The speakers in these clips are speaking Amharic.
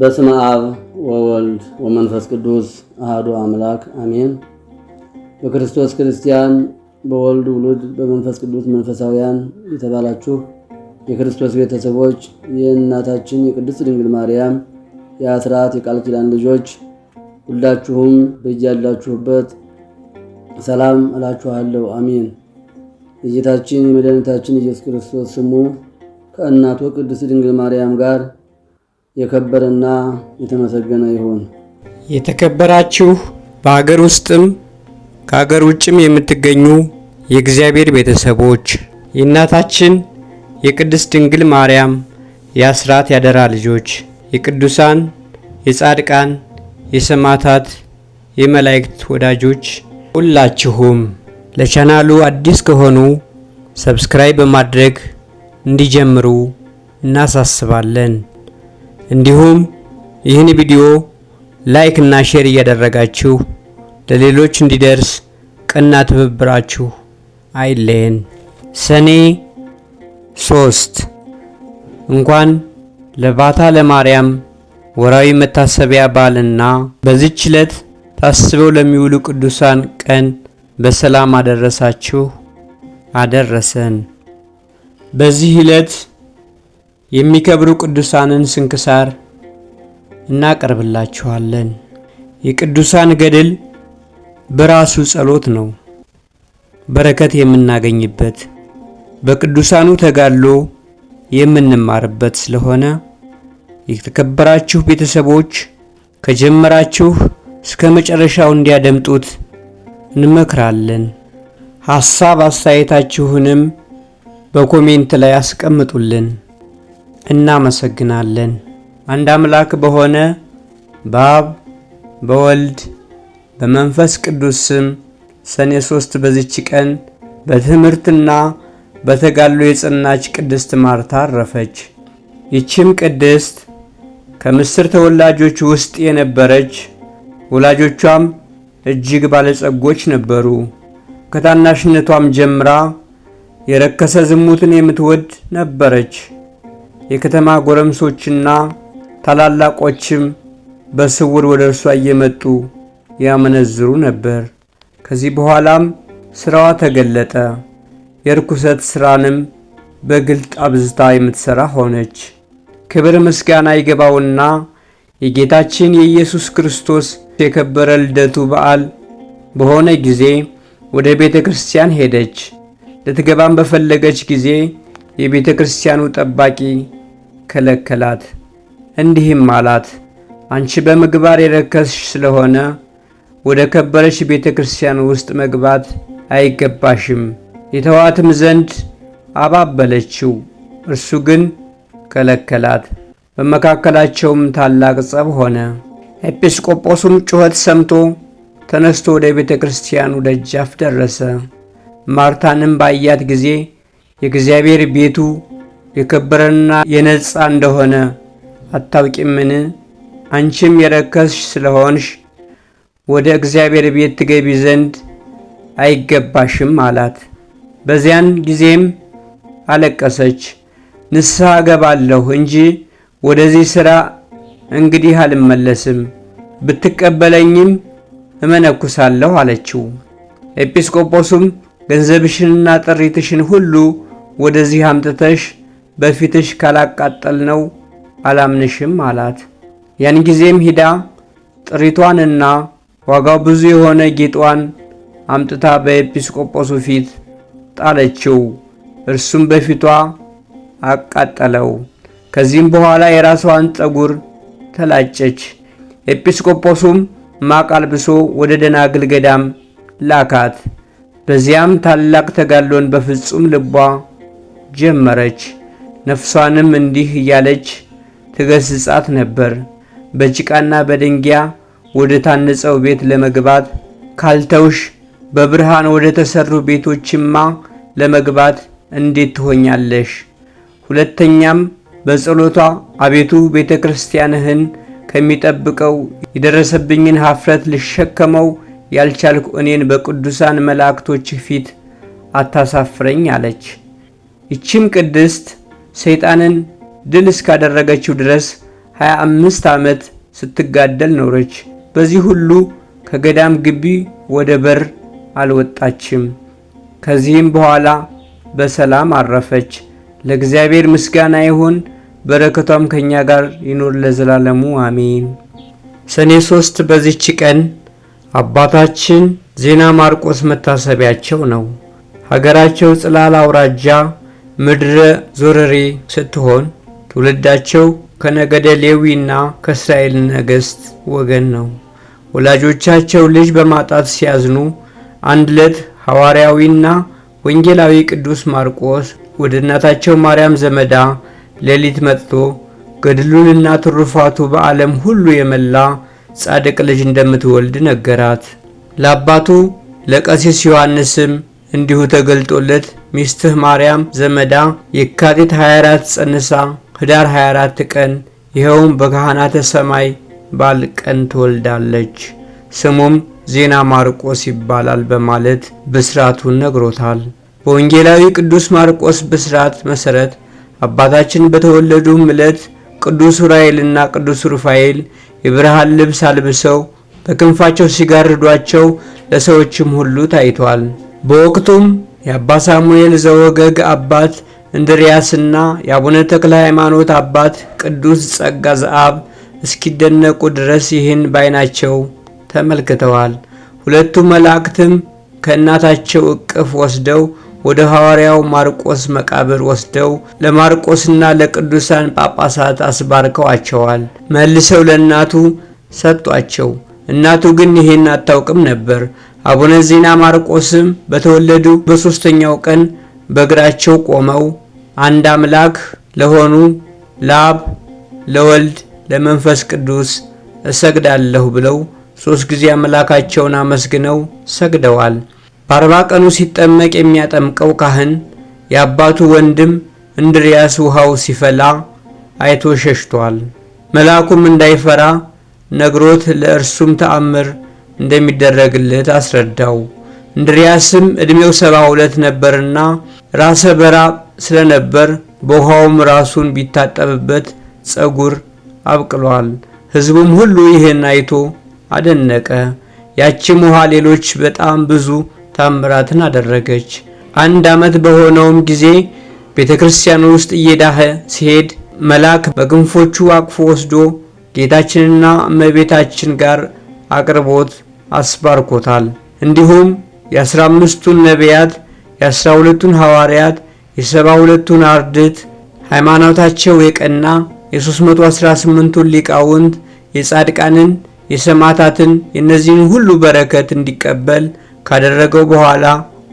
በስመ አብ ወወልድ ወመንፈስ ቅዱስ አህዱ አምላክ አሜን። በክርስቶስ ክርስቲያን በወልድ ውሉድ በመንፈስ ቅዱስ መንፈሳውያን የተባላችሁ የክርስቶስ ቤተሰቦች የእናታችን የቅድስት ድንግል ማርያም የአስራት የቃል ኪዳን ልጆች ሁላችሁም በያላችሁበት ሰላም እላችኋለሁ። አሜን። የጌታችን የመድኃኒታችን ኢየሱስ ክርስቶስ ስሙ ከእናቱ ቅድስት ድንግል ማርያም ጋር የከበረና የተመሰገነ ይሁን። የተከበራችሁ በሀገር ውስጥም ከሀገር ውጭም የምትገኙ የእግዚአብሔር ቤተሰቦች የእናታችን የቅድስት ድንግል ማርያም የአስራት ያደራ ልጆች የቅዱሳን የጻድቃን የሰማዕታት የመላእክት ወዳጆች ሁላችሁም ለቻናሉ አዲስ ከሆኑ ሰብስክራይብ በማድረግ እንዲጀምሩ እናሳስባለን። እንዲሁም ይህን ቪዲዮ ላይክ እና ሼር እያደረጋችሁ ለሌሎች እንዲደርስ ቀና ትብብራችሁ አይለየን። ሰኔ ሶስት እንኳን ለባታ ለማርያም ወራዊ መታሰቢያ በዓልና በዚች ዕለት ታስበው ለሚውሉ ቅዱሳን ቀን በሰላም አደረሳችሁ አደረሰን። በዚህ ዕለት የሚከብሩ ቅዱሳንን ስንክሳር እናቀርብላችኋለን። የቅዱሳን ገድል በራሱ ጸሎት ነው፣ በረከት የምናገኝበት በቅዱሳኑ ተጋድሎ የምንማርበት ስለሆነ የተከበራችሁ ቤተሰቦች ከጀመራችሁ እስከ መጨረሻው እንዲያደምጡት እንመክራለን። ሐሳብ አስተያየታችሁንም በኮሜንት ላይ አስቀምጡልን። እናመሰግናለን። አንድ አምላክ በሆነ በአብ በወልድ በመንፈስ ቅዱስ ስም ሰኔ ሶስት በዚች ቀን በትምህርትና በተጋሉ የጸናች ቅድስት ማርታ አረፈች። ይችም ቅድስት ከምስር ተወላጆች ውስጥ የነበረች ወላጆቿም እጅግ ባለጸጎች ነበሩ። ከታናሽነቷም ጀምራ የረከሰ ዝሙትን የምትወድ ነበረች። የከተማ ጎረምሶችና ታላላቆችም በስውር ወደ እርሷ እየመጡ ያመነዝሩ ነበር። ከዚህ በኋላም ሥራዋ ተገለጠ። የርኩሰት ሥራንም በግልጥ አብዝታ የምትሠራ ሆነች። ክብር ምስጋና ይገባውና የጌታችን የኢየሱስ ክርስቶስ የከበረ ልደቱ በዓል በሆነ ጊዜ ወደ ቤተ ክርስቲያን ሄደች። ልትገባም በፈለገች ጊዜ የቤተ ክርስቲያኑ ጠባቂ ከለከላት። እንዲህም አላት፣ አንቺ በምግባር የረከስሽ ስለሆነ ወደ ከበረች ቤተ ክርስቲያን ውስጥ መግባት አይገባሽም። የተዋትም ዘንድ አባበለችው፣ እርሱ ግን ከለከላት። በመካከላቸውም ታላቅ ጸብ ሆነ። ኤጲስቆጶሱም ጩኸት ሰምቶ ተነስቶ ወደ ቤተ ክርስቲያኑ ደጃፍ ደረሰ። ማርታንም ባያት ጊዜ የእግዚአብሔር ቤቱ የከበረና የነጻ እንደሆነ አታውቂምን? አንቺም የረከስሽ ስለሆንሽ ወደ እግዚአብሔር ቤት ትገቢ ዘንድ አይገባሽም አላት። በዚያን ጊዜም አለቀሰች። ንስሐ ገባለሁ እንጂ ወደዚህ ሥራ እንግዲህ አልመለስም፣ ብትቀበለኝም እመነኩሳለሁ አለችው። ኤጲስቆጶሱም ገንዘብሽንና ጥሪትሽን ሁሉ ወደዚህ አምጥተሽ በፊትሽ ካላቃጠል ነው አላምንሽም አላት። ያን ጊዜም ሂዳ ጥሪቷንና ዋጋው ብዙ የሆነ ጌጧን አምጥታ በኤጲስቆጶሱ ፊት ጣለችው። እርሱም በፊቷ አቃጠለው። ከዚህም በኋላ የራሷን ጠጉር ተላጨች። ኤጲስቆጶሱም ማቅ አልብሶ ወደ ደናግል ገዳም ላካት። በዚያም ታላቅ ተጋድሎን በፍጹም ልቧ ጀመረች። ነፍሷንም እንዲህ እያለች ትገስጻት ነበር። በጭቃና በድንጊያ ወደ ታነጸው ቤት ለመግባት ካልተውሽ በብርሃን ወደ ተሰሩ ቤቶችማ ለመግባት እንዴት ትሆኛለሽ? ሁለተኛም በጸሎቷ አቤቱ ቤተ ክርስቲያንህን ከሚጠብቀው የደረሰብኝን ሀፍረት ልሸከመው ያልቻልኩ እኔን በቅዱሳን መላእክቶችህ ፊት አታሳፍረኝ አለች። ይችም ቅድስት ሰይጣንን ድል እስካደረገችው ድረስ 25 ዓመት ስትጋደል ኖረች። በዚህ ሁሉ ከገዳም ግቢ ወደ በር አልወጣችም። ከዚህም በኋላ በሰላም አረፈች። ለእግዚአብሔር ምስጋና ይሁን፣ በረከቷም ከእኛ ጋር ይኖር ለዘላለሙ አሜን። ሰኔ ሶስት በዚች ቀን አባታችን ዜና ማርቆስ መታሰቢያቸው ነው። ሀገራቸው ጽላል አውራጃ ምድረ ዞረሬ ስትሆን ትውልዳቸው ከነገደ ሌዊና ከእስራኤል ነገሥት ወገን ነው። ወላጆቻቸው ልጅ በማጣት ሲያዝኑ አንድ ዕለት ሐዋርያዊና ወንጌላዊ ቅዱስ ማርቆስ ወደ እናታቸው ማርያም ዘመዳ ሌሊት መጥቶ ገድሉንና ትሩፋቱ በዓለም ሁሉ የመላ ጻድቅ ልጅ እንደምትወልድ ነገራት። ለአባቱ ለቀሲስ ዮሐንስም እንዲሁ ተገልጦለት ሚስትህ ማርያም ዘመዳ የካቲት 24 ጸንሳ ህዳር 24 ቀን ይኸውም በካህናተ ሰማይ ባል ቀን ትወልዳለች ስሙም ዜና ማርቆስ ይባላል በማለት ብስራቱን ነግሮታል። በወንጌላዊ ቅዱስ ማርቆስ ብስራት መሠረት አባታችን በተወለዱም ዕለት ቅዱስ ዑራኤልና ቅዱስ ሩፋኤል የብርሃን ልብስ አልብሰው በክንፋቸው ሲጋርዷቸው ለሰዎችም ሁሉ ታይቷል። በወቅቱም የአባ ሳሙኤል ዘወገግ አባት እንድርያስና የአቡነ ተክለ ሃይማኖት አባት ቅዱስ ጸጋ ዘአብ እስኪደነቁ ድረስ ይህን ባይናቸው ተመልክተዋል። ሁለቱ መላእክትም ከእናታቸው እቅፍ ወስደው ወደ ሐዋርያው ማርቆስ መቃብር ወስደው ለማርቆስና ለቅዱሳን ጳጳሳት አስባርከዋቸዋል። መልሰው ለእናቱ ሰጧቸው። እናቱ ግን ይህን አታውቅም ነበር። አቡነ ዜና ማርቆስም በተወለዱ በሦስተኛው ቀን በእግራቸው ቆመው አንድ አምላክ ለሆኑ ለአብ ለወልድ ለመንፈስ ቅዱስ እሰግዳለሁ ብለው ሦስት ጊዜ አምላካቸውን አመስግነው ሰግደዋል። በአርባ ቀኑ ሲጠመቅ የሚያጠምቀው ካህን የአባቱ ወንድም እንድርያስ ውሃው ሲፈላ አይቶ ሸሽቷል። መልአኩም እንዳይፈራ ነግሮት ለእርሱም ተአምር እንደሚደረግለት አስረዳው። እንድሪያስም ዕድሜው ሰባ ሁለት ነበርና ራሰ በራ ስለነበር በውሃውም ራሱን ቢታጠብበት ጸጉር አብቅሏል። ሕዝቡም ሁሉ ይህን አይቶ አደነቀ። ያችም ውሃ ሌሎች በጣም ብዙ ታምራትን አደረገች። አንድ ዓመት በሆነውም ጊዜ ቤተ ክርስቲያን ውስጥ እየዳኸ ሲሄድ መልአክ በክንፎቹ አቅፎ ወስዶ ጌታችንና እመቤታችን ጋር አቅርቦት አስባርኮታል። እንዲሁም የአስራ አምስቱን ነቢያት የአስራ ሁለቱን ሐዋርያት የሰባ ሁለቱን አርድት ሃይማኖታቸው የቀና የ318ቱን ሊቃውንት የጻድቃንን የሰማዕታትን የእነዚህን ሁሉ በረከት እንዲቀበል ካደረገው በኋላ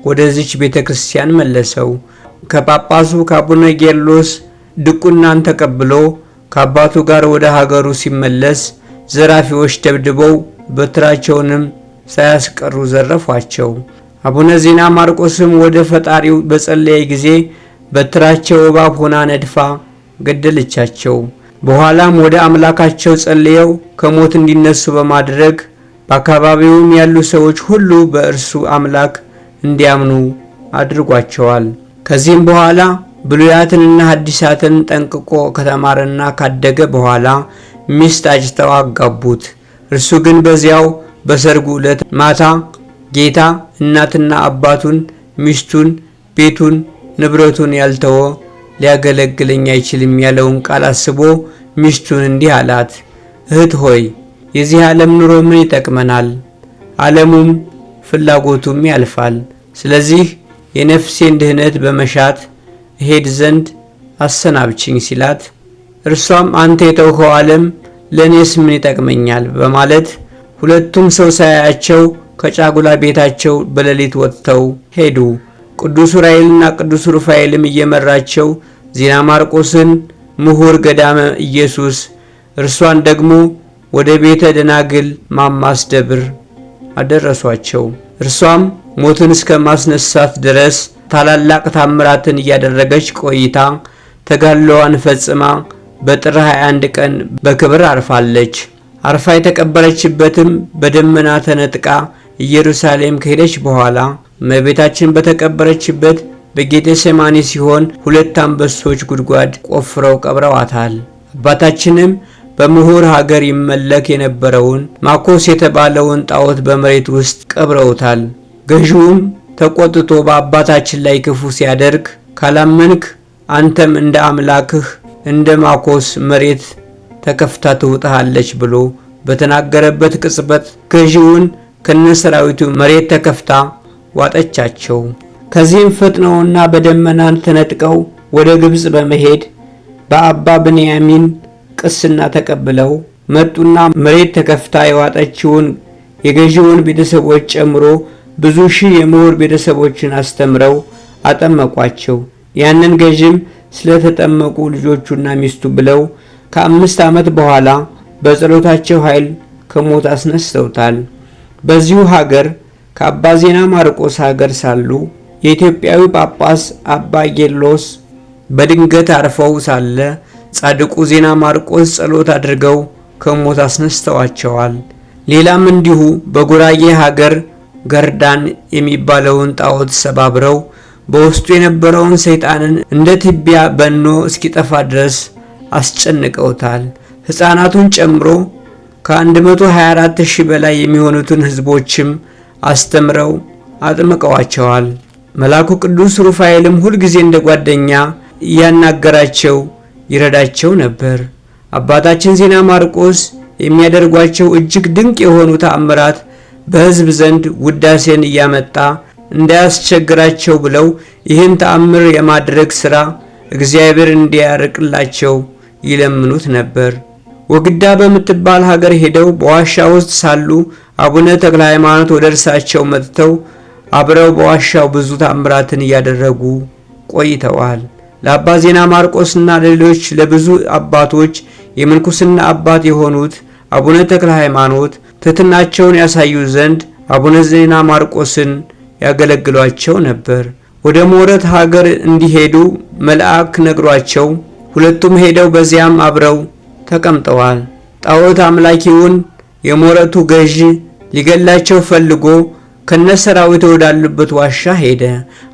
ወደዚች ቤተ ክርስቲያን መለሰው። ከጳጳሱ ከአቡነ ጌርሎስ ድቁናን ተቀብሎ ከአባቱ ጋር ወደ ሀገሩ ሲመለስ ዘራፊዎች ደብድበው በትራቸውንም ሳያስቀሩ ዘረፏቸው። አቡነ ዜና ማርቆስም ወደ ፈጣሪው በጸለየ ጊዜ በትራቸው እባብ ሆና ነድፋ ገደለቻቸው። በኋላም ወደ አምላካቸው ጸልየው ከሞት እንዲነሱ በማድረግ በአካባቢውም ያሉ ሰዎች ሁሉ በእርሱ አምላክ እንዲያምኑ አድርጓቸዋል። ከዚህም በኋላ ብሉያትንና ሐዲሳትን ጠንቅቆ ከተማረና ካደገ በኋላ ሚስት አጭተው አጋቡት። እርሱ ግን በዚያው በሰርጉ ዕለት ማታ ጌታ እናትና አባቱን፣ ሚስቱን፣ ቤቱን፣ ንብረቱን ያልተወ ሊያገለግለኝ አይችልም ያለውን ቃል አስቦ ሚስቱን እንዲህ አላት፣ እህት ሆይ የዚህ ዓለም ኑሮ ምን ይጠቅመናል? ዓለሙም ፍላጎቱም ያልፋል። ስለዚህ የነፍሴን ድህነት በመሻት እሄድ ዘንድ አሰናብችኝ ሲላት፣ እርሷም አንተ የተውኸው ዓለም ለእኔስ ምን ይጠቅመኛል በማለት ሁለቱም ሰው ሳያያቸው ከጫጉላ ቤታቸው በሌሊት ወጥተው ሄዱ። ቅዱስ ዑራኤልና ቅዱስ ሩፋኤልም እየመራቸው ዜና ማርቆስን ምሁር ገዳመ ኢየሱስ እርሷን ደግሞ ወደ ቤተ ደናግል ማማስ ደብር አደረሷቸው። እርሷም ሞትን እስከ ማስነሳት ድረስ ታላላቅ ታምራትን እያደረገች ቆይታ ተጋድሎዋን ፈጽማ በጥር 21 ቀን በክብር አርፋለች። አርፋ የተቀበረችበትም በደመና ተነጥቃ ኢየሩሳሌም ከሄደች በኋላ እመቤታችን በተቀበረችበት በጌቴሴማኒ ሲሆን ሁለት አንበሶች ጉድጓድ ቆፍረው ቀብረዋታል። አባታችንም በምሁር ሀገር ይመለክ የነበረውን ማኮስ የተባለውን ጣዖት በመሬት ውስጥ ቀብረውታል። ገዢውም ተቆጥቶ በአባታችን ላይ ክፉ ሲያደርግ ካላመንክ አንተም እንደ አምላክህ እንደ ማኮስ መሬት ተከፍታ ትውጥሃለች ብሎ በተናገረበት ቅጽበት ገዢውን ከነሰራዊቱ መሬት ተከፍታ ዋጠቻቸው። ከዚህም ፈጥነውና በደመናን ተነጥቀው ወደ ግብፅ በመሄድ በአባ ብንያሚን ቅስና ተቀብለው መጡና መሬት ተከፍታ የዋጠችውን የገዢውን ቤተሰቦች ጨምሮ ብዙ ሺህ የምሁር ቤተሰቦችን አስተምረው አጠመቋቸው። ያንን ገዥም ስለተጠመቁ ልጆቹና ሚስቱ ብለው ከአምስት ዓመት በኋላ በጸሎታቸው ኃይል ከሞት አስነስተውታል። በዚሁ ሀገር ከአባ ዜና ማርቆስ ሀገር ሳሉ የኢትዮጵያዊ ጳጳስ አባ ጌሎስ በድንገት አርፈው ሳለ ጻድቁ ዜና ማርቆስ ጸሎት አድርገው ከሞት አስነስተዋቸዋል። ሌላም እንዲሁ በጉራጌ ሀገር ገርዳን የሚባለውን ጣዖት ሰባብረው በውስጡ የነበረውን ሰይጣንን እንደ ትቢያ በኖ እስኪጠፋ ድረስ አስጨንቀውታል። ሕፃናቱን ጨምሮ ከ124 ሺህ በላይ የሚሆኑትን ሕዝቦችም አስተምረው አጥምቀዋቸዋል። መልአኩ ቅዱስ ሩፋኤልም ሁልጊዜ እንደ ጓደኛ እያናገራቸው ይረዳቸው ነበር። አባታችን ዜና ማርቆስ የሚያደርጓቸው እጅግ ድንቅ የሆኑ ተአምራት በሕዝብ ዘንድ ውዳሴን እያመጣ እንዳያስቸግራቸው ብለው ይህን ተአምር የማድረግ ሥራ እግዚአብሔር እንዲያርቅላቸው ይለምኑት ነበር። ወግዳ በምትባል ሀገር ሄደው በዋሻ ውስጥ ሳሉ አቡነ ተክለ ሃይማኖት ወደ እርሳቸው መጥተው አብረው በዋሻው ብዙ ታምራትን እያደረጉ ቆይተዋል። ለአባ ዜና ማርቆስና ለሌሎች ለብዙ አባቶች የምንኩስና አባት የሆኑት አቡነ ተክለ ሃይማኖት ትሕትናቸውን ያሳዩ ዘንድ አቡነ ዜና ማርቆስን ያገለግሏቸው ነበር። ወደ ሞረት ሀገር እንዲሄዱ መልአክ ነግሯቸው ሁለቱም ሄደው በዚያም አብረው ተቀምጠዋል። ጣዖት አምላኪውን የሞረቱ ገዥ ሊገላቸው ፈልጎ ከነሰራዊት ወዳሉበት ዋሻ ሄደ።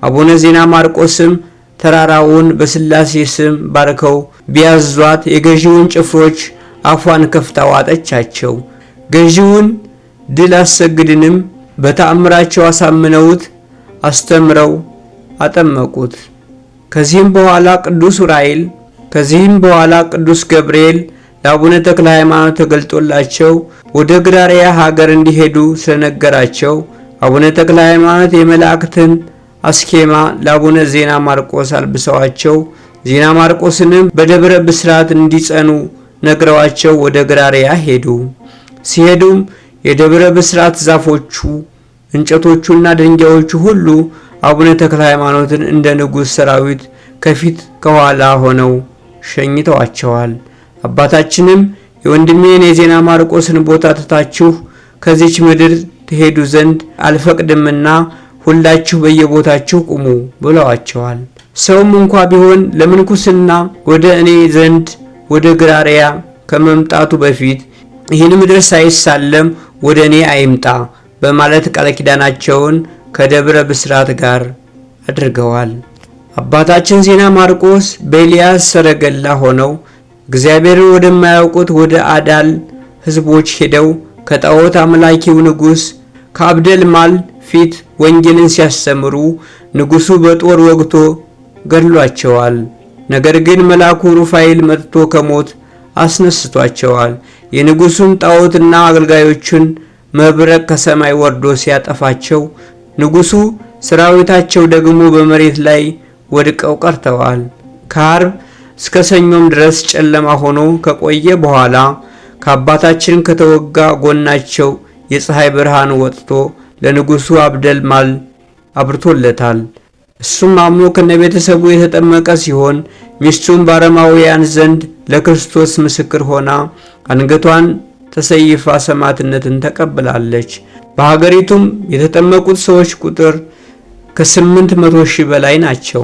አቡነ ዜና ማርቆስም ተራራውን በስላሴ ስም ባርከው ቢያዟት የገዢውን ጭፍሮች አፏን ከፍታ ዋጠቻቸው። ገዢውን ድል አሰግድንም በተአምራቸው አሳምነውት አስተምረው አጠመቁት። ከዚህም በኋላ ቅዱስ ዑራኤል ከዚህም በኋላ ቅዱስ ገብርኤል ለአቡነ ተክለ ሃይማኖት ተገልጦላቸው ወደ ግራሪያ ሀገር እንዲሄዱ ስለነገራቸው አቡነ ተክለ ሃይማኖት የመላእክትን አስኬማ ለአቡነ ዜና ማርቆስ አልብሰዋቸው ዜና ማርቆስንም በደብረ ብስራት እንዲጸኑ ነግረዋቸው ወደ ግራሪያ ሄዱ። ሲሄዱም የደብረ ብስራት ዛፎቹ እንጨቶቹና ድንጋዮቹ ሁሉ አቡነ ተክለ ሃይማኖትን እንደ ንጉሥ ሰራዊት ከፊት ከኋላ ሆነው ሸኝተዋቸዋል። አባታችንም የወንድሜን የዜና ማርቆስን ቦታ ትታችሁ ከዚች ምድር ትሄዱ ዘንድ አልፈቅድምና ሁላችሁ በየቦታችሁ ቁሙ ብለዋቸዋል። ሰውም እንኳ ቢሆን ለምንኩስና ወደ እኔ ዘንድ ወደ ግራሪያ ከመምጣቱ በፊት ይህን ምድር ሳይሳለም ወደ እኔ አይምጣ በማለት ቃለ ኪዳናቸውን ከደብረ ብስራት ጋር አድርገዋል። አባታችን ዜና ማርቆስ በኤልያስ ሰረገላ ሆነው እግዚአብሔርን ወደማያውቁት ወደ አዳል ሕዝቦች ሄደው ከጣዖት አምላኪው ንጉሥ ማል ፊት ወንጌልን ሲያስተምሩ ንጉሡ በጦር ወግቶ ገድሏቸዋል። ነገር ግን መልአኩ ሩፋኤል መጥቶ ከሞት አስነስቷቸዋል። የንጉሡም ጣዖትና አገልጋዮቹን መብረቅ ከሰማይ ወርዶ ሲያጠፋቸው ንጉሱ ሰራዊታቸው ደግሞ በመሬት ላይ ወድቀው ቀርተዋል። ከአርብ እስከ ሰኞም ድረስ ጨለማ ሆኖ ከቆየ በኋላ ከአባታችን ከተወጋ ጎናቸው የፀሐይ ብርሃን ወጥቶ ለንጉሱ አብደል ማል አብርቶለታል። እሱም አምኖ ከነቤተሰቡ የተጠመቀ ሲሆን ሚስቱም ባረማውያን ዘንድ ለክርስቶስ ምስክር ሆና አንገቷን ተሰይፋ ሰማዕትነትን ተቀብላለች። በሀገሪቱም የተጠመቁት ሰዎች ቁጥር ከ800 ሺህ በላይ ናቸው።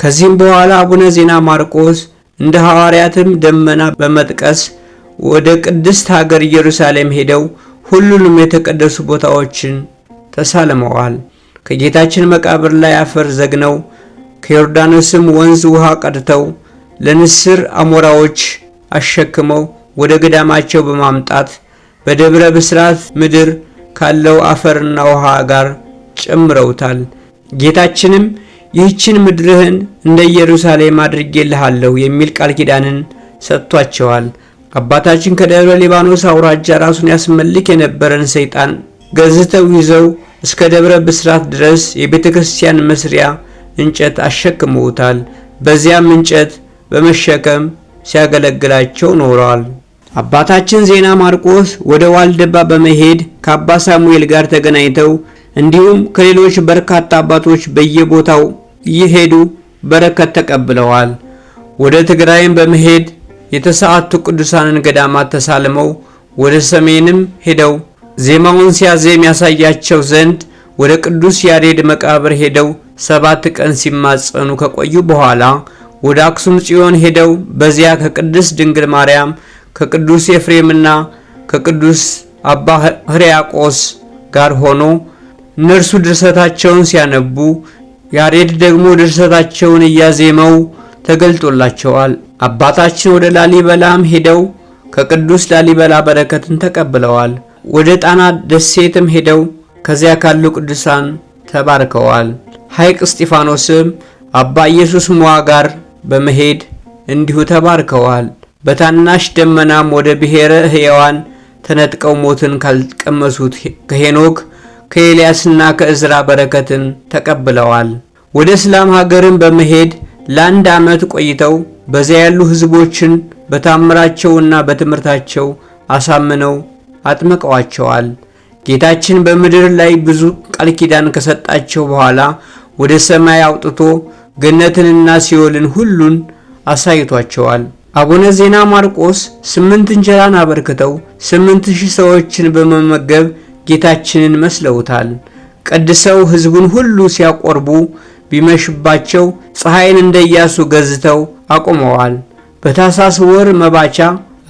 ከዚህም በኋላ አቡነ ዜና ማርቆስ እንደ ሐዋርያትም ደመና በመጥቀስ ወደ ቅድስት ሀገር ኢየሩሳሌም ሄደው ሁሉንም የተቀደሱ ቦታዎችን ተሳልመዋል። ከጌታችን መቃብር ላይ አፈር ዘግነው ከዮርዳኖስም ወንዝ ውሃ ቀድተው ለንስር አሞራዎች አሸክመው ወደ ገዳማቸው በማምጣት በደብረ ብስራት ምድር ካለው አፈርና ውሃ ጋር ጨምረውታል። ጌታችንም ይህችን ምድርህን እንደ ኢየሩሳሌም አድርጌልሃለሁ የሚል ቃል ኪዳንን ሰጥቷቸዋል። አባታችን ከደብረ ሊባኖስ አውራጃ ራሱን ያስመልክ የነበረን ሰይጣን ገዝተው ይዘው እስከ ደብረ ብስራት ድረስ የቤተ ክርስቲያን መስሪያ እንጨት አሸክመውታል። በዚያም እንጨት በመሸከም ሲያገለግላቸው ኖረዋል። አባታችን ዜና ማርቆስ ወደ ዋልደባ በመሄድ ከአባ ሳሙኤል ጋር ተገናኝተው እንዲሁም ከሌሎች በርካታ አባቶች በየቦታው እየሄዱ በረከት ተቀብለዋል። ወደ ትግራይም በመሄድ የተሰዓቱ ቅዱሳንን ገዳማት ተሳልመው ወደ ሰሜንም ሄደው ዜማውን ሲያዜም ያሳያቸው ዘንድ ወደ ቅዱስ ያሬድ መቃብር ሄደው ሰባት ቀን ሲማጸኑ ከቆዩ በኋላ ወደ አክሱም ጽዮን ሄደው በዚያ ከቅድስት ድንግል ማርያም ከቅዱስ ኤፍሬምና ከቅዱስ አባ ሕርያቆስ ጋር ሆኖ እነርሱ ድርሰታቸውን ሲያነቡ ያሬድ ደግሞ ድርሰታቸውን እያዜመው ተገልጦላቸዋል። አባታችን ወደ ላሊበላም ሄደው ከቅዱስ ላሊበላ በረከትን ተቀብለዋል። ወደ ጣና ደሴትም ሄደው ከዚያ ካሉ ቅዱሳን ተባርከዋል። ሐይቅ እስጢፋኖስም አባ ኢየሱስ ሞዓ ጋር በመሄድ እንዲሁ ተባርከዋል። በታናሽ ደመናም ወደ ብሔረ ሕያዋን ተነጥቀው ሞትን ካልቀመሱት ከሄኖክ ከኤልያስና ከእዝራ በረከትን ተቀብለዋል። ወደ እስላም ሀገርን በመሄድ ለአንድ ዓመት ቆይተው በዚያ ያሉ ሕዝቦችን በታምራቸውና በትምህርታቸው አሳምነው አጥምቀዋቸዋል። ጌታችን በምድር ላይ ብዙ ቃል ኪዳን ከሰጣቸው በኋላ ወደ ሰማይ አውጥቶ ገነትንና ሲኦልን ሁሉን አሳይቷቸዋል። አቡነ ዜና ማርቆስ ስምንት እንጀራን አበርክተው ስምንት ሺህ ሰዎችን በመመገብ ጌታችንን መስለውታል። ቀድሰው ሕዝቡን ሁሉ ሲያቆርቡ ቢመሽባቸው ፀሐይን እንደ ኢያሱ ገዝተው አቁመዋል። በታሳስ ወር መባቻ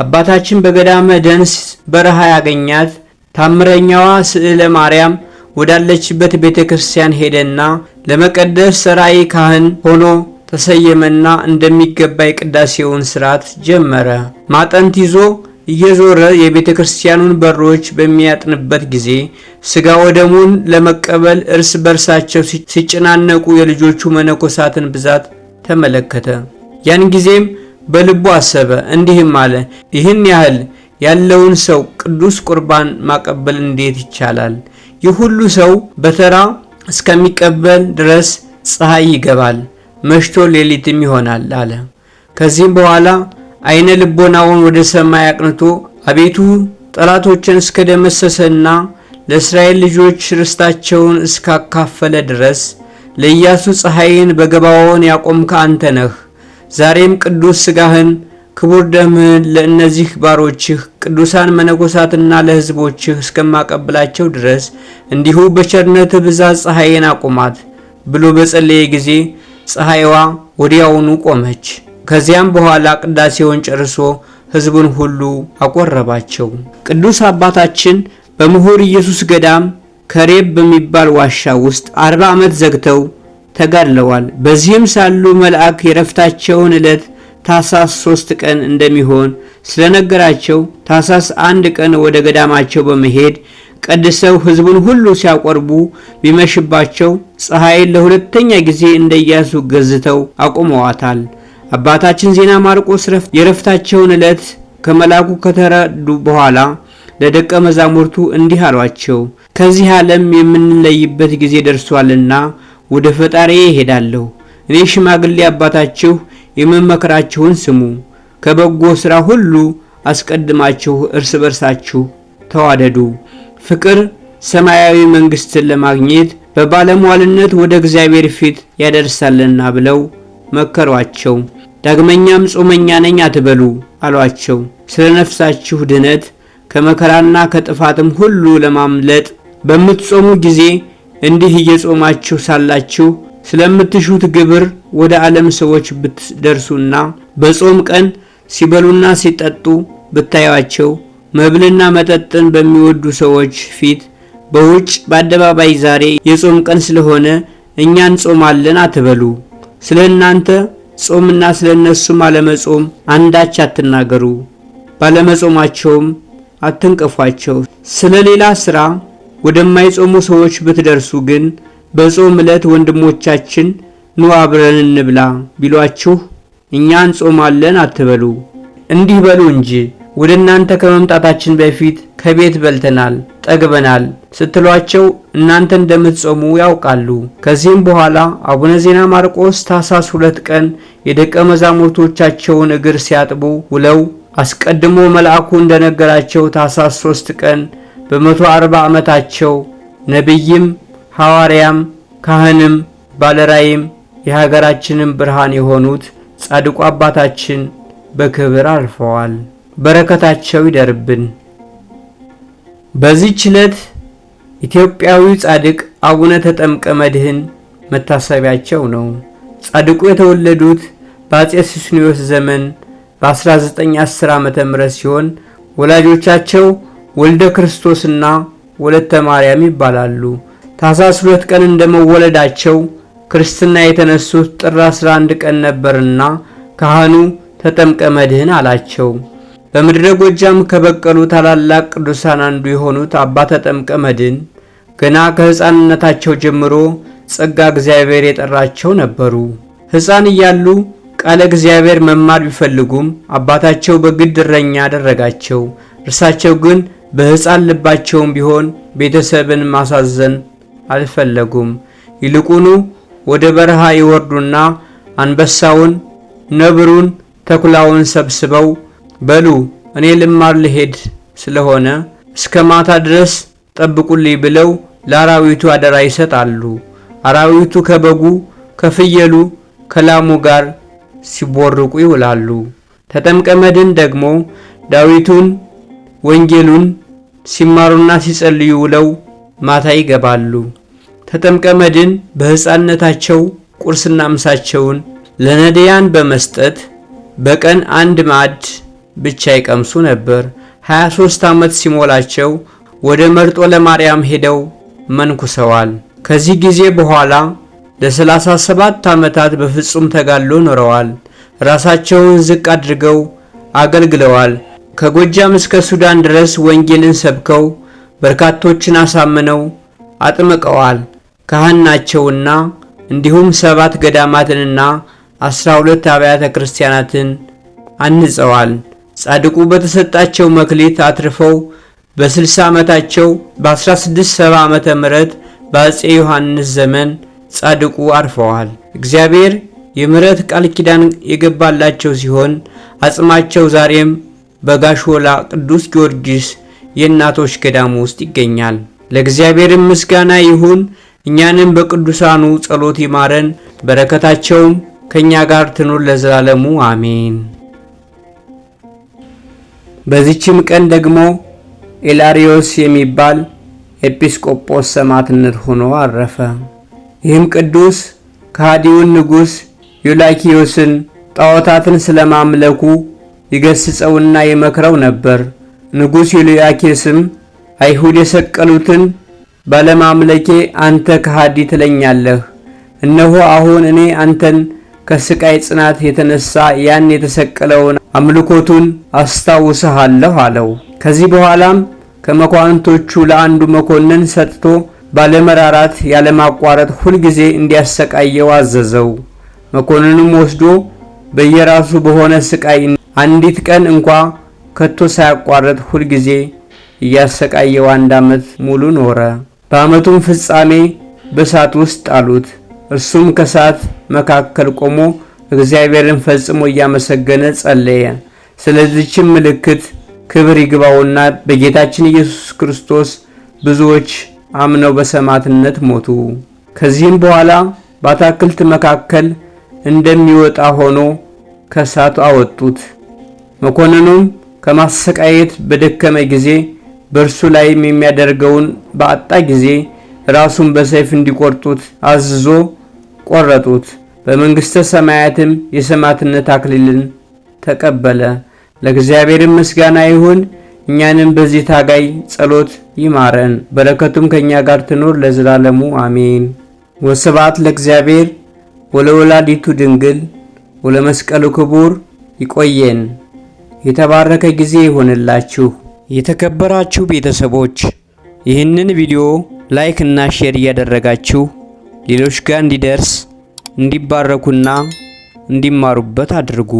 አባታችን በገዳመ ደንስ በረሃ ያገኛት ታምረኛዋ ስዕለ ማርያም ወዳለችበት ቤተ ክርስቲያን ሄደና ለመቀደስ ሠራይ ካህን ሆኖ ተሰየመና እንደሚገባ የቅዳሴውን ስርዓት ጀመረ። ማጠንት ይዞ እየዞረ የቤተ ክርስቲያኑን በሮች በሚያጥንበት ጊዜ ስጋ ወደሙን ለመቀበል እርስ በርሳቸው ሲጨናነቁ የልጆቹ መነኮሳትን ብዛት ተመለከተ። ያን ጊዜም በልቡ አሰበ፣ እንዲህም አለ ይህን ያህል ያለውን ሰው ቅዱስ ቁርባን ማቀበል እንዴት ይቻላል? ይህ ሁሉ ሰው በተራ እስከሚቀበል ድረስ ፀሐይ ይገባል። መሽቶ ሌሊትም ይሆናል አለ። ከዚህም በኋላ አይነ ልቦናውን ወደ ሰማይ አቅንቶ አቤቱ ጠላቶችን እስከ ደመሰሰና ለእስራኤል ልጆች ርስታቸውን እስካካፈለ ድረስ ለኢያሱ ፀሐይን በገባዖን ያቆምከ አንተ ነህ። ዛሬም ቅዱስ ሥጋህን ክቡር ደምህን ለእነዚህ ባሮችህ ቅዱሳን መነኮሳትና ለሕዝቦችህ እስከማቀብላቸው ድረስ እንዲሁ በቸርነት ብዛት ፀሐይን አቁማት ብሎ በጸለየ ጊዜ ፀሐይዋ ወዲያውኑ ቆመች። ከዚያም በኋላ ቅዳሴውን ጨርሶ ሕዝቡን ሁሉ አቆረባቸው። ቅዱስ አባታችን በምሁር ኢየሱስ ገዳም ከሬብ በሚባል ዋሻ ውስጥ አርባ ዓመት ዘግተው ተጋድለዋል። በዚህም ሳሉ መልአክ የረፍታቸውን ዕለት ታሳስ ሶስት ቀን እንደሚሆን ስለነገራቸው ታሳስ አንድ ቀን ወደ ገዳማቸው በመሄድ ቀድሰው ሕዝቡን ሁሉ ሲያቆርቡ ቢመሽባቸው ፀሐይን ለሁለተኛ ጊዜ እንደ ኢያሱ ገዝተው አቁመዋታል። አባታችን ዜና ማርቆስ የረፍታቸውን ዕለት ከመልአኩ ከተረዱ በኋላ ለደቀ መዛሙርቱ እንዲህ አሏቸው፣ ከዚህ ዓለም የምንለይበት ጊዜ ደርሷልና ወደ ፈጣሪ እሄዳለሁ። እኔ ሽማግሌ አባታችሁ የምመክራችሁን ስሙ። ከበጎ ሥራ ሁሉ አስቀድማችሁ እርስ በርሳችሁ ተዋደዱ። ፍቅር ሰማያዊ መንግስትን ለማግኘት በባለሟልነት ወደ እግዚአብሔር ፊት ያደርሳልና ብለው መከሯቸው። ዳግመኛም ጾመኛ ነኝ አትበሉ አሏቸው። ስለ ነፍሳችሁ ድነት ከመከራና ከጥፋትም ሁሉ ለማምለጥ በምትጾሙ ጊዜ እንዲህ እየጾማችሁ ሳላችሁ ስለምትሹት ግብር ወደ ዓለም ሰዎች ብትደርሱና በጾም ቀን ሲበሉና ሲጠጡ ብታያቸው። መብልና መጠጥን በሚወዱ ሰዎች ፊት በውጭ በአደባባይ ዛሬ የጾም ቀን ስለሆነ እኛ እንጾማለን አትበሉ። ስለ እናንተ ጾምና ስለ እነሱም አለመጾም አንዳች አትናገሩ፣ ባለመጾማቸውም አትንቀፏቸው። ስለ ሌላ ሥራ ወደማይጾሙ ሰዎች ብትደርሱ ግን በጾም ዕለት ወንድሞቻችን ኑ አብረን እንብላ ቢሏችሁ እኛ እንጾማለን አትበሉ፣ እንዲህ በሉ እንጂ ወደ እናንተ ከመምጣታችን በፊት ከቤት በልተናል፣ ጠግበናል ስትሏቸው እናንተ እንደምትጾሙ ያውቃሉ። ከዚህም በኋላ አቡነ ዜና ማርቆስ ታኅሳስ ሁለት ቀን የደቀ መዛሙርቶቻቸውን እግር ሲያጥቡ ውለው አስቀድሞ መልአኩ እንደነገራቸው ታኅሳስ ሶስት ቀን በመቶ አርባ ዓመታቸው ነቢይም ሐዋርያም ካህንም ባለራይም የሀገራችንም ብርሃን የሆኑት ጻድቁ አባታችን በክብር አርፈዋል። በረከታቸው ይደርብን። በዚህች ዕለት ኢትዮጵያዊ ጻድቅ አቡነ ተጠምቀ መድህን መታሰቢያቸው ነው። ጻድቁ የተወለዱት በአጼ ሱስንዮስ ዘመን በ1910 ዓ.ም ምህረት ሲሆን ወላጆቻቸው ወልደ ክርስቶስና ወለተ ማርያም ይባላሉ። ታኅሳስ ሁለት ቀን እንደመወለዳቸው ክርስትና የተነሱት ጥር 11 ቀን ነበርና ካህኑ ተጠምቀ መድህን አላቸው። በምድረ ጎጃም ከበቀሉ ታላላቅ ቅዱሳን አንዱ የሆኑት አባ ተጠምቀ መድን ገና ከሕፃንነታቸው ጀምሮ ጸጋ እግዚአብሔር የጠራቸው ነበሩ። ሕፃን እያሉ ቃለ እግዚአብሔር መማር ቢፈልጉም አባታቸው በግድ እረኛ አደረጋቸው። እርሳቸው ግን በሕፃን ልባቸውም ቢሆን ቤተሰብን ማሳዘን አልፈለጉም። ይልቁኑ ወደ በረሃ ይወርዱና አንበሳውን፣ ነብሩን፣ ተኩላውን ሰብስበው በሉ እኔ ልማር ልሄድ ስለሆነ እስከ ማታ ድረስ ጠብቁልኝ ብለው ለአራዊቱ አደራ ይሰጣሉ። አራዊቱ ከበጉ ከፍየሉ ከላሙ ጋር ሲቦርቁ ይውላሉ። ተጠምቀ መድኅን ደግሞ ዳዊቱን ወንጌሉን ሲማሩና ሲጸልዩ ውለው ማታ ይገባሉ። ተጠምቀ መድኅን በሕፃንነታቸው ቁርስና ምሳቸውን ለነዳያን በመስጠት በቀን አንድ ማዕድ ብቻ ይቀምሱ ነበር። 23 ዓመት ሲሞላቸው ወደ መርጦ ለማርያም ሄደው መንኩሰዋል። ከዚህ ጊዜ በኋላ ለ37 ዓመታት በፍጹም ተጋድሎ ኖረዋል። ራሳቸውን ዝቅ አድርገው አገልግለዋል። ከጎጃም እስከ ሱዳን ድረስ ወንጌልን ሰብከው በርካቶችን አሳምነው አጥምቀዋል። ካህን ናቸውና እንዲሁም ሰባት ገዳማትንና 12 አብያተ ክርስቲያናትን አንጸዋል። ጻድቁ በተሰጣቸው መክሊት አትርፈው በ60 ዓመታቸው በ1670 ዓመተ ምህረት በአፄ ዮሐንስ ዘመን ጻድቁ አርፈዋል። እግዚአብሔር የምሕረት ቃል ኪዳን የገባላቸው ሲሆን አጽማቸው ዛሬም በጋሾላ ቅዱስ ጊዮርጊስ የእናቶች ገዳም ውስጥ ይገኛል። ለእግዚአብሔር ምስጋና ይሁን። እኛንም በቅዱሳኑ ጸሎት ይማረን፣ በረከታቸውም ከእኛ ጋር ትኑር ለዘላለሙ አሜን። በዚችም ቀን ደግሞ ኤላሪዮስ የሚባል ኤጲስቆጶስ ሰማዕትነት ሆኖ አረፈ። ይህም ቅዱስ ከሃዲውን ንጉሥ ዩላኪዮስን ጣዖታትን ስለማምለኩ ይገስጸውና ይመክረው ነበር። ንጉሥ ዩልያኬስም አይሁድ የሰቀሉትን ባለማምለኬ አንተ ከሃዲ ትለኛለህ፣ እነሆ አሁን እኔ አንተን ከስቃይ ጽናት የተነሳ ያን የተሰቀለውን አምልኮቱን አስታውሰሃለሁ አለው። ከዚህ በኋላም ከመኳንቶቹ ለአንዱ መኮንን ሰጥቶ ባለመራራት ያለማቋረጥ ሁልጊዜ እንዲያሰቃየው አዘዘው። መኮንኑም ወስዶ በየራሱ በሆነ ስቃይ አንዲት ቀን እንኳ ከቶ ሳያቋረጥ ሁልጊዜ እያሰቃየው አንድ ዓመት ሙሉ ኖረ። በዓመቱም ፍጻሜ በእሳት ውስጥ ጣሉት። እርሱም ከእሳት መካከል ቆሞ እግዚአብሔርን ፈጽሞ እያመሰገነ ጸለየ። ስለዚችም ምልክት ክብር ይግባውና በጌታችን ኢየሱስ ክርስቶስ ብዙዎች አምነው በሰማዕትነት ሞቱ። ከዚህም በኋላ በአታክልት መካከል እንደሚወጣ ሆኖ ከእሳቱ አወጡት። መኮንኑም ከማሰቃየት በደከመ ጊዜ በእርሱ ላይም የሚያደርገውን በአጣ ጊዜ ራሱን በሰይፍ እንዲቆርጡት አዝዞ ቆረጡት። በመንግሥተ ሰማያትም የሰማዕትነት አክሊልን ተቀበለ። ለእግዚአብሔርም ምስጋና ይሁን። እኛንም በዚህ ታጋይ ጸሎት ይማረን፣ በረከቱም ከእኛ ጋር ትኖር ለዘላለሙ አሜን። ወስብሐት ለእግዚአብሔር ወለወላዲቱ ድንግል ወለመስቀሉ ክቡር። ይቆየን። የተባረከ ጊዜ ይሆንላችሁ። የተከበራችሁ ቤተሰቦች ይህንን ቪዲዮ ላይክ እና ሼር እያደረጋችሁ ሌሎች ጋር እንዲደርስ እንዲባረኩና እንዲማሩበት አድርጉ።